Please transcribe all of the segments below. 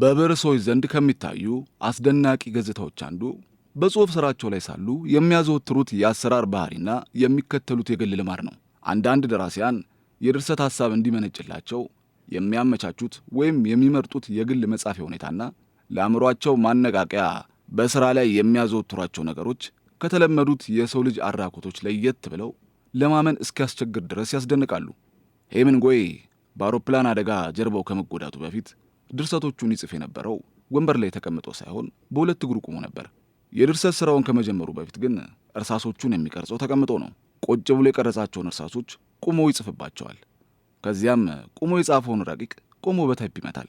በብዕር ሰዎች ዘንድ ከሚታዩ አስደናቂ ገጽታዎች አንዱ በጽሑፍ ሥራቸው ላይ ሳሉ የሚያዘወትሩት የአሰራር ባህሪና የሚከተሉት የግል ልማድ ነው። አንዳንድ ደራሲያን የድርሰት ሐሳብ እንዲመነጭላቸው የሚያመቻቹት ወይም የሚመርጡት የግል መጻፊያ ሁኔታና ለአእምሯቸው ማነቃቂያ በሥራ ላይ የሚያዘወትሯቸው ነገሮች ከተለመዱት የሰው ልጅ አድራጎቶች ለየት ብለው ለማመን እስኪያስቸግር ድረስ ያስደንቃሉ። ሄምንጎይ በአውሮፕላን አደጋ ጀርባው ከመጎዳቱ በፊት ድርሰቶቹን ይጽፍ የነበረው ወንበር ላይ ተቀምጦ ሳይሆን በሁለት እግሩ ቆሞ ነበር። የድርሰት ስራውን ከመጀመሩ በፊት ግን እርሳሶቹን የሚቀርጸው ተቀምጦ ነው። ቆጭ ብሎ የቀረጻቸውን እርሳሶች ቁሞ ይጽፍባቸዋል። ከዚያም ቁሞ የጻፈውን ረቂቅ ቆሞ በታይፕ ይመታል።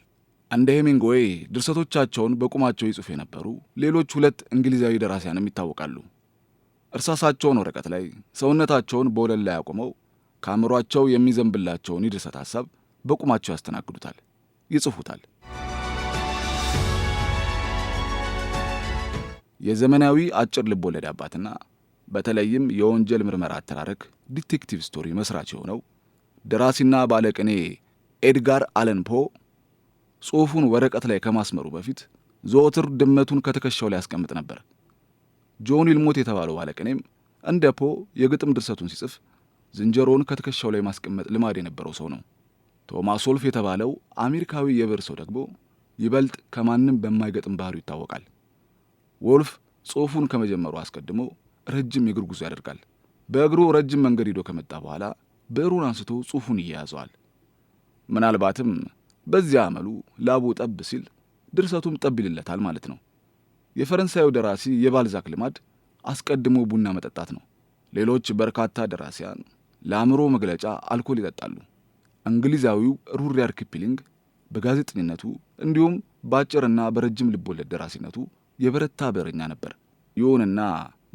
እንደ ሄሚንግዌይ ድርሰቶቻቸውን በቁማቸው ይጽፉ የነበሩ ሌሎች ሁለት እንግሊዛዊ ደራሲያንም ይታወቃሉ። እርሳሳቸውን ወረቀት ላይ ሰውነታቸውን በወለል ላይ አቁመው ከአእምሯቸው የሚዘንብላቸውን የድርሰት ሐሳብ በቁማቸው ያስተናግዱታል። ይጽፉታል። የዘመናዊ አጭር ልቦለድ አባትና በተለይም የወንጀል ምርመራ አተራረክ ዲቴክቲቭ ስቶሪ መስራች የሆነው ደራሲና ባለቅኔ ኤድጋር አለን ፖ ጽሑፉን ወረቀት ላይ ከማስመሩ በፊት ዘወትር ድመቱን ከትከሻው ላይ ያስቀምጥ ነበር። ጆን ይልሞት የተባለው ባለቅኔም እንደ ፖ የግጥም ድርሰቱን ሲጽፍ ዝንጀሮውን ከትከሻው ላይ ማስቀመጥ ልማድ የነበረው ሰው ነው። ቶማስ ወልፍ የተባለው አሜሪካዊ የብር ሰው ደግሞ ይበልጥ ከማንም በማይገጥም ባህሩ ይታወቃል። ወልፍ ጽሑፉን ከመጀመሩ አስቀድሞ ረጅም የእግር ጉዞ ያደርጋል። በእግሩ ረጅም መንገድ ሂዶ ከመጣ በኋላ ብዕሩን አንስቶ ጽሑፉን እየያዘዋል። ምናልባትም በዚያ አመሉ ላቡ ጠብ ሲል ድርሰቱም ጠብ ይልለታል ማለት ነው። የፈረንሳዩ ደራሲ የባልዛክ ልማድ አስቀድሞ ቡና መጠጣት ነው። ሌሎች በርካታ ደራሲያን ለአእምሮ መግለጫ አልኮል ይጠጣሉ። እንግሊዛዊው ሩሪያር ኪፕሊንግ በጋዜጠኝነቱ እንዲሁም በአጭርና በረጅም ልቦለድ ደራሲነቱ የበረታ በረኛ ነበር። ይሁንና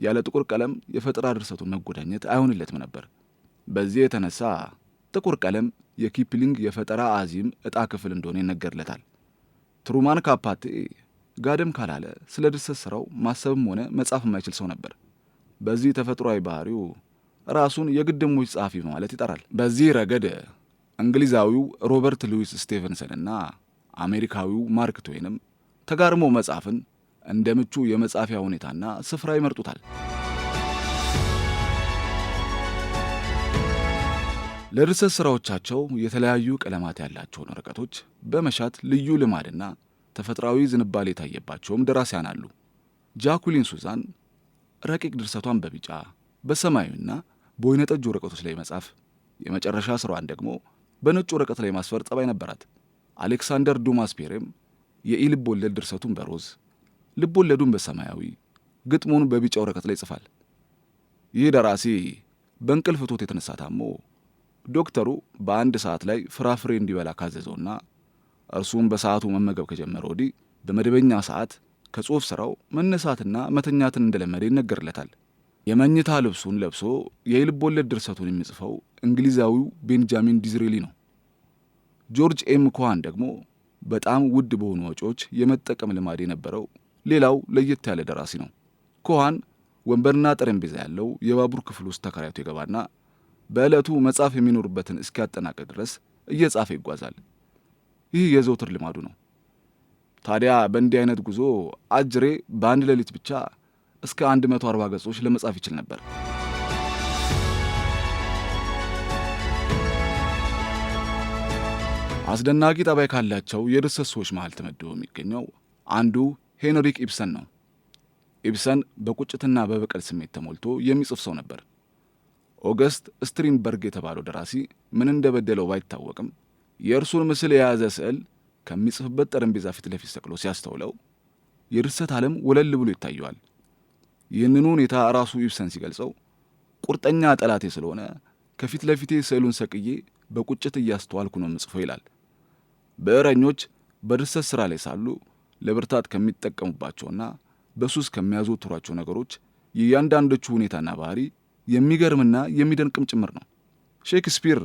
ያለ ጥቁር ቀለም የፈጠራ ድርሰቱን መጎዳኘት አይሆንለትም ነበር። በዚህ የተነሳ ጥቁር ቀለም የኪፕሊንግ የፈጠራ አዚም ዕጣ ክፍል እንደሆነ ይነገርለታል። ትሩማን ካፓቴ ጋደም ካላለ ስለ ድርሰት ሥራው ማሰብም ሆነ መጻፍ የማይችል ሰው ነበር። በዚህ ተፈጥሯዊ ባህሪው ራሱን የግድሞች ጸሐፊ በማለት ይጠራል። በዚህ ረገድ እንግሊዛዊው ሮበርት ሉዊስ ስቴቨንሰን እና አሜሪካዊው ማርክ ትዌንም ተጋርሞ መጽሐፍን እንደ ምቹ የመጻፊያ ሁኔታና ስፍራ ይመርጡታል። ለድርሰት ሥራዎቻቸው የተለያዩ ቀለማት ያላቸውን ወረቀቶች በመሻት ልዩ ልማድና ተፈጥሯዊ ዝንባሌ የታየባቸውም ደራሲያን አሉ። ጃኩሊን ሱዛን ረቂቅ ድርሰቷን በቢጫ በሰማያዊና በወይነጠጅ ወረቀቶች ላይ መጻፍ የመጨረሻ ስራዋን ደግሞ በነጭ ወረቀት ላይ ማስፈር ጸባይ ነበራት። አሌክሳንደር ዱማስ ፔሬም የኢልብ ወለድ ድርሰቱን በሮዝ ልብ ወለዱን በሰማያዊ ግጥሙን በቢጫ ወረቀት ላይ ይጽፋል። ይህ ደራሲ በእንቅልፍ እጦት የተነሳ ታሞ ዶክተሩ በአንድ ሰዓት ላይ ፍራፍሬ እንዲበላ ካዘዘውና እርሱም በሰዓቱ መመገብ ከጀመረ ወዲህ በመደበኛ ሰዓት ከጽሑፍ ሥራው መነሳትና መተኛትን እንደለመደ ይነገርለታል። የመኝታ ልብሱን ለብሶ የልብ ወለድ ድርሰቱን የሚጽፈው እንግሊዛዊው ቤንጃሚን ዲዝሬሊ ነው። ጆርጅ ኤም ኮሃን ደግሞ በጣም ውድ በሆኑ ወጪዎች የመጠቀም ልማድ የነበረው ሌላው ለየት ያለ ደራሲ ነው። ኮሃን ወንበርና ጠረጴዛ ያለው የባቡር ክፍል ውስጥ ተከራይቶ ይገባና በዕለቱ መጻፍ የሚኖርበትን እስኪያጠናቀቅ ድረስ እየጻፈ ይጓዛል። ይህ የዘውትር ልማዱ ነው። ታዲያ በእንዲህ አይነት ጉዞ አጅሬ በአንድ ሌሊት ብቻ እስከ 140 ገጾች ለመጻፍ ይችል ነበር። አስደናቂ ጠባይ ካላቸው የድርሰት ሰዎች መሃል ተመድቦ የሚገኘው አንዱ ሄንሪክ ኢብሰን ነው። ኢብሰን በቁጭትና በበቀል ስሜት ተሞልቶ የሚጽፍ ሰው ነበር። ኦገስት ስትሪንበርግ የተባለው ደራሲ ምን እንደበደለው ባይታወቅም የእርሱን ምስል የያዘ ስዕል ከሚጽፍበት ጠረጴዛ ፊት ለፊት ሰቅሎ ሲያስተውለው የድርሰት ዓለም ወለል ብሎ ይታየዋል። ይህንን ሁኔታ ራሱ ኢብሰን ሲገልጸው ቁርጠኛ ጠላቴ ስለሆነ ከፊት ለፊቴ ስዕሉን ሰቅዬ በቁጭት እያስተዋልኩ ነው ምጽፈው ይላል። ብዕረኞች በድርሰት ሥራ ላይ ሳሉ ለብርታት ከሚጠቀሙባቸውና በሱስ ከሚያዘወትሯቸው ነገሮች የእያንዳንዶቹ ሁኔታና ባህሪ የሚገርምና የሚደንቅም ጭምር ነው። ሼክስፒር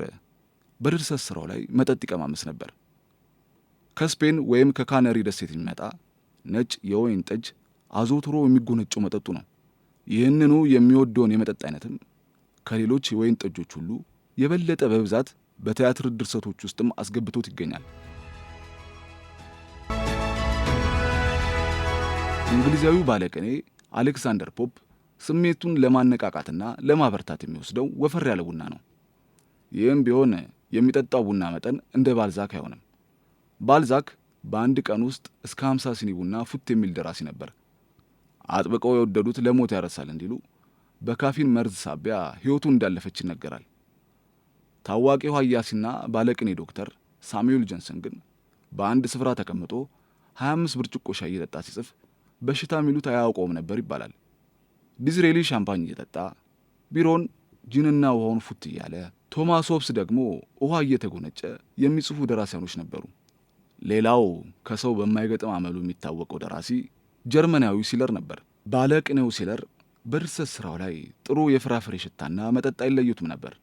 በድርሰት ሥራው ላይ መጠጥ ይቀማመስ ነበር። ከስፔን ወይም ከካነሪ ደሴት የሚመጣ ነጭ የወይን ጠጅ አዘውትሮ የሚጎነጨው መጠጡ ነው። ይህንኑ የሚወደውን የመጠጥ አይነትም ከሌሎች የወይን ጠጆች ሁሉ የበለጠ በብዛት በቲያትር ድርሰቶች ውስጥም አስገብቶት ይገኛል። እንግሊዛዊው ባለቅኔ አሌክሳንደር ፖፕ ስሜቱን ለማነቃቃትና ለማበርታት የሚወስደው ወፈር ያለ ቡና ነው። ይህም ቢሆን የሚጠጣው ቡና መጠን እንደ ባልዛክ አይሆንም። ባልዛክ በአንድ ቀን ውስጥ እስከ 50 ሲኒ ቡና ፉት የሚል ደራሲ ነበር። አጥብቀው የወደዱት ለሞት ያረሳል እንዲሉ በካፊን መርዝ ሳቢያ ሕይወቱ እንዳለፈች ይነገራል። ታዋቂው አያሲና ባለቅኔ ዶክተር ሳሙኤል ጆንሰን ግን በአንድ ስፍራ ተቀምጦ 25 ብርጭቆ ሻይ እየጠጣ ሲጽፍ በሽታ የሚሉት አያውቀውም ነበር ይባላል። ዲዝሬሊ ሻምፓኝ እየጠጣ ቢሮን ጂንና ውሃውን ፉት እያለ ቶማስ ሆብስ ደግሞ ውሃ እየተጎነጨ የሚጽፉ ደራሲያኖች ነበሩ። ሌላው ከሰው በማይገጥም አመሉ የሚታወቀው ደራሲ ጀርመናዊ ሲለር ነበር። ባለቅኔው ሲለር በድርሰት ስራው ላይ ጥሩ የፍራፍሬ ሽታና መጠጥ አይለዩትም ነበር።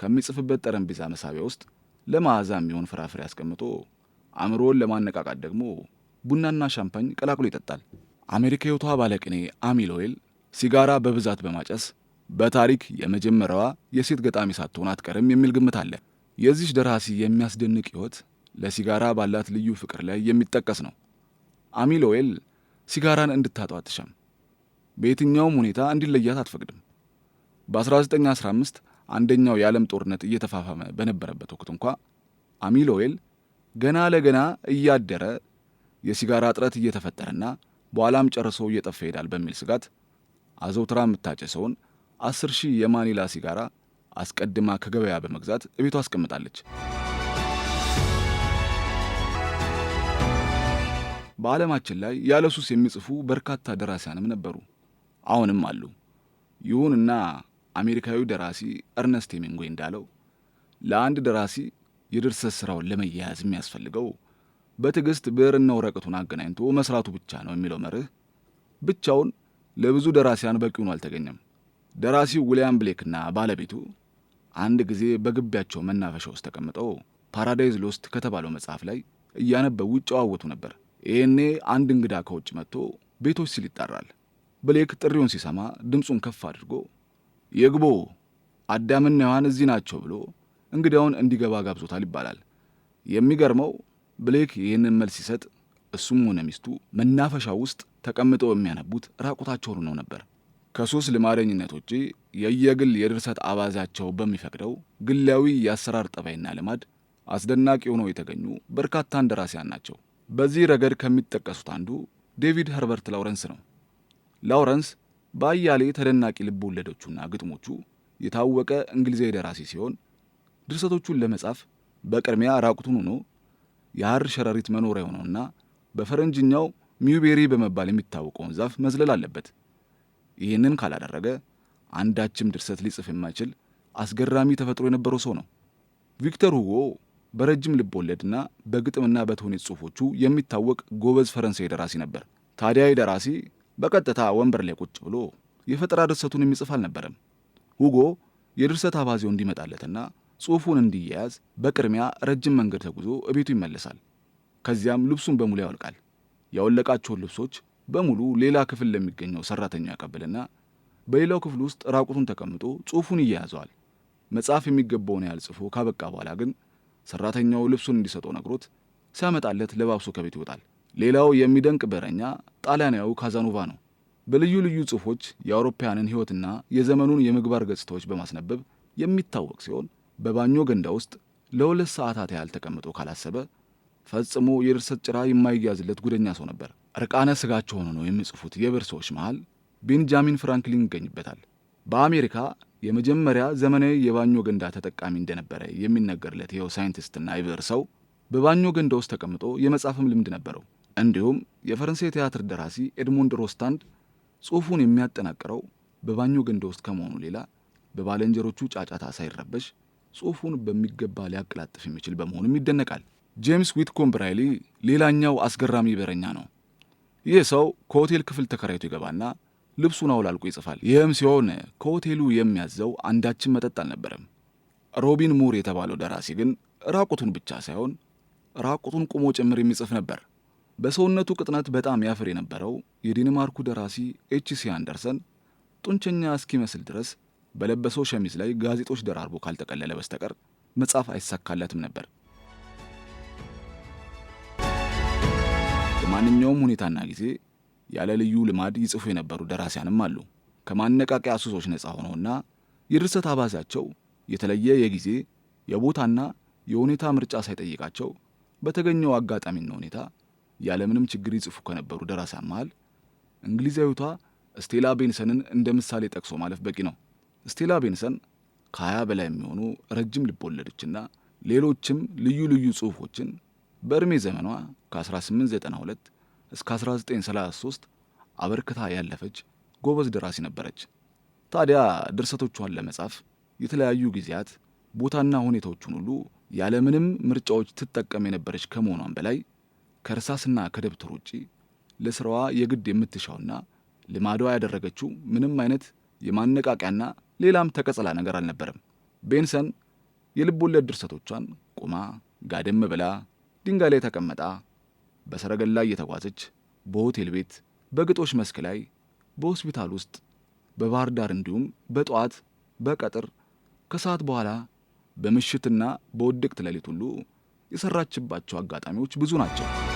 ከሚጽፍበት ጠረጴዛ መሳቢያ ውስጥ ለመዓዛ የሚሆን ፍራፍሬ አስቀምጦ አእምሮን ለማነቃቃት ደግሞ ቡናና ሻምፓኝ ቀላቅሎ ይጠጣል። አሜሪካዊቷ ባለቅኔ አሚ ሎዌል ሲጋራ በብዛት በማጨስ በታሪክ የመጀመሪያዋ የሴት ገጣሚ ሳትሆን አትቀርም የሚል ግምት አለ። የዚች ደራሲ የሚያስደንቅ ሕይወት ለሲጋራ ባላት ልዩ ፍቅር ላይ የሚጠቀስ ነው። አሚ ሎዌል ሲጋራን እንድታጠው አትሻም። በየትኛውም ሁኔታ እንዲለያት አትፈቅድም። በ1915 አንደኛው የዓለም ጦርነት እየተፋፋመ በነበረበት ወቅት እንኳ አሚሎዌል ገና ለገና እያደረ የሲጋራ እጥረት እየተፈጠረና በኋላም ጨርሶ እየጠፋ ይሄዳል በሚል ስጋት አዘውትራ የምታጨሰውን አስር ሺህ የማኒላ ሲጋራ አስቀድማ ከገበያ በመግዛት እቤቷ አስቀምጣለች። በዓለማችን ላይ ያለ ሱስ የሚጽፉ በርካታ ደራሲያንም ነበሩ፣ አሁንም አሉ። ይሁንና አሜሪካዊ ደራሲ እርነስት ሄሚንግዌይ እንዳለው ለአንድ ደራሲ የድርሰት ስራውን ለመያያዝ የሚያስፈልገው በትዕግስት ብዕርና ወረቀቱን አገናኝቶ መስራቱ ብቻ ነው የሚለው መርህ ብቻውን ለብዙ ደራሲያን በቂ ሆኖ አልተገኘም። ደራሲው ዊልያም ብሌክና ባለቤቱ አንድ ጊዜ በግቢያቸው መናፈሻ ውስጥ ተቀምጠው ፓራዳይዝ ሎስት ከተባለው መጽሐፍ ላይ እያነበቡ ይጨዋወቱ ነበር። ይህኔ አንድ እንግዳ ከውጭ መጥቶ ቤቶች ሲል ይጣራል። ብሌክ ጥሪውን ሲሰማ ድምፁን ከፍ አድርጎ የግቦ አዳምና ሔዋን እዚህ ናቸው ብሎ እንግዳውን እንዲገባ ጋብዞታል ይባላል። የሚገርመው ብሌክ ይህንን መልስ ሲሰጥ እሱም ሆነ ሚስቱ መናፈሻ ውስጥ ተቀምጠው የሚያነቡት ራቁታቸውን ሆነው ነበር። ከሶስት ልማደኝነት ውጪ የየግል የድርሰት አባዛቸው በሚፈቅደው ግላዊ የአሰራር ጠባይና ልማድ አስደናቂ ሆነው የተገኙ በርካታ እንደራሲያን ናቸው። በዚህ ረገድ ከሚጠቀሱት አንዱ ዴቪድ ኸርበርት ላውረንስ ነው። ላውረንስ በአያሌ ተደናቂ ልብ ወለዶቹና ግጥሞቹ የታወቀ እንግሊዛዊ ደራሲ ሲሆን ድርሰቶቹን ለመጻፍ በቅድሚያ ራቁቱን ሆኖ የሐር ሸረሪት መኖሪያ የሆነውና በፈረንጅኛው ሚውቤሪ በመባል የሚታወቀውን ዛፍ መዝለል አለበት። ይህንን ካላደረገ አንዳችም ድርሰት ሊጽፍ የማይችል አስገራሚ ተፈጥሮ የነበረው ሰው ነው። ቪክተር ሁጎ በረጅም ልቦለድና በግጥምና በተውኔት ጽሁፎቹ የሚታወቅ ጎበዝ ፈረንሳይ ደራሲ ነበር። ታዲያ ደራሲ በቀጥታ ወንበር ላይ ቁጭ ብሎ የፈጠራ ድርሰቱን የሚጽፍ አልነበረም። ሁጎ የድርሰት አባዜው እንዲመጣለትና ጽሁፉን እንዲያያዝ በቅድሚያ ረጅም መንገድ ተጉዞ እቤቱ ይመለሳል። ከዚያም ልብሱን በሙሉ ያወልቃል። ያወለቃቸውን ልብሶች በሙሉ ሌላ ክፍል ለሚገኘው ሰራተኛው ያቀብልና በሌላው ክፍል ውስጥ ራቁቱን ተቀምጦ ጽሁፉን እያያዘዋል። መጽሐፍ የሚገባውን ያህል ጽፎ ካበቃ በኋላ ግን ሰራተኛው ልብሱን እንዲሰጠው ነግሮት ሲያመጣለት ለባብሶ ከቤት ይወጣል። ሌላው የሚደንቅ በረኛ ጣሊያናዊው ካዛኖቫ ነው። በልዩ ልዩ ጽሑፎች የአውሮፓውያንን ሕይወትና የዘመኑን የምግባር ገጽታዎች በማስነበብ የሚታወቅ ሲሆን በባኞ ገንዳ ውስጥ ለሁለት ሰዓታት ያህል ተቀምጦ ካላሰበ ፈጽሞ የድርሰት ጭራ የማይያዝለት ጉደኛ ሰው ነበር። እርቃነ ስጋቸው ሆኖ ነው የሚጽፉት የብር ሰዎች መሃል ቤንጃሚን ፍራንክሊን ይገኝበታል። በአሜሪካ የመጀመሪያ ዘመናዊ የባኞ ገንዳ ተጠቃሚ እንደነበረ የሚነገርለት ይኸው ሳይንቲስትና ይብር ሰው በባኞ ገንዳ ውስጥ ተቀምጦ የመጻፍም ልምድ ነበረው። እንዲሁም የፈረንሳይ ቲያትር ደራሲ ኤድሞንድ ሮስታንድ ጽሑፉን የሚያጠናቅረው በባኞ ገንዳ ውስጥ ከመሆኑ ሌላ በባለንጀሮቹ ጫጫታ ሳይረበሽ ጽሑፉን በሚገባ ሊያቀላጥፍ የሚችል በመሆኑም ይደነቃል። ጄምስ ዊትኮምብ ራይሊ ሌላኛው አስገራሚ በረኛ ነው። ይህ ሰው ከሆቴል ክፍል ተከራይቶ ይገባና ልብሱን አውላልቆ ይጽፋል። ይህም ሲሆን ከሆቴሉ የሚያዘው አንዳችን መጠጥ አልነበረም። ሮቢን ሙር የተባለው ደራሲ ግን ራቁቱን ብቻ ሳይሆን ራቁቱን ቁሞ ጭምር የሚጽፍ ነበር። በሰውነቱ ቅጥነት በጣም ያፍር የነበረው የዴንማርኩ ደራሲ ኤችሲ አንደርሰን ጡንቸኛ እስኪመስል ድረስ በለበሰው ሸሚዝ ላይ ጋዜጦች ደራርቦ ካልጠቀለለ በስተቀር መጻፍ አይሳካለትም ነበር። በማንኛውም ሁኔታና ጊዜ ያለ ልዩ ልማድ ይጽፉ የነበሩ ደራሲያንም አሉ። ከማነቃቂያ ሱሶች ነፃ ሆነውና የድርሰት አባዜያቸው የተለየ የጊዜ የቦታና የሁኔታ ምርጫ ሳይጠይቃቸው በተገኘው አጋጣሚና ሁኔታ ያለምንም ችግር ይጽፉ ከነበሩ ደራሲያን መሃል እንግሊዛዊቷ ስቴላ ቤንሰንን እንደ ምሳሌ ጠቅሶ ማለፍ በቂ ነው። ስቴላ ቤንሰን ከ በላይ የሚሆኑ ረጅም ልቦለዶችና ሌሎችም ልዩ ልዩ ጽሑፎችን በእድሜ ዘመኗ ከ1892 እስከ 1933 አበርክታ ያለፈች ጎበዝ ደራሲ ነበረች። ታዲያ ድርሰቶቿን ለመጻፍ የተለያዩ ጊዜያት ቦታና ሁኔታዎቹን ሁሉ ያለምንም ምርጫዎች ትጠቀም የነበረች ከመሆኗን በላይ ከእርሳስና ከደብተር ውጪ ለስራዋ የግድ የምትሻውና ልማዷ ያደረገችው ምንም አይነት የማነቃቂያና ሌላም ተቀጸላ ነገር አልነበረም። ቤንሰን የልብ ወለድ ድርሰቶቿን ቁማ፣ ጋደም ብላ ድንጋይ ላይ ተቀምጣ በሰረገላ እየተጓዘች በሆቴል ቤት፣ በግጦሽ መስክ ላይ፣ በሆስፒታል ውስጥ፣ በባህር ዳር እንዲሁም በጠዋት በቀጥር ከሰዓት በኋላ በምሽትና በውድቅት ሌሊት ሁሉ የሰራችባቸው አጋጣሚዎች ብዙ ናቸው።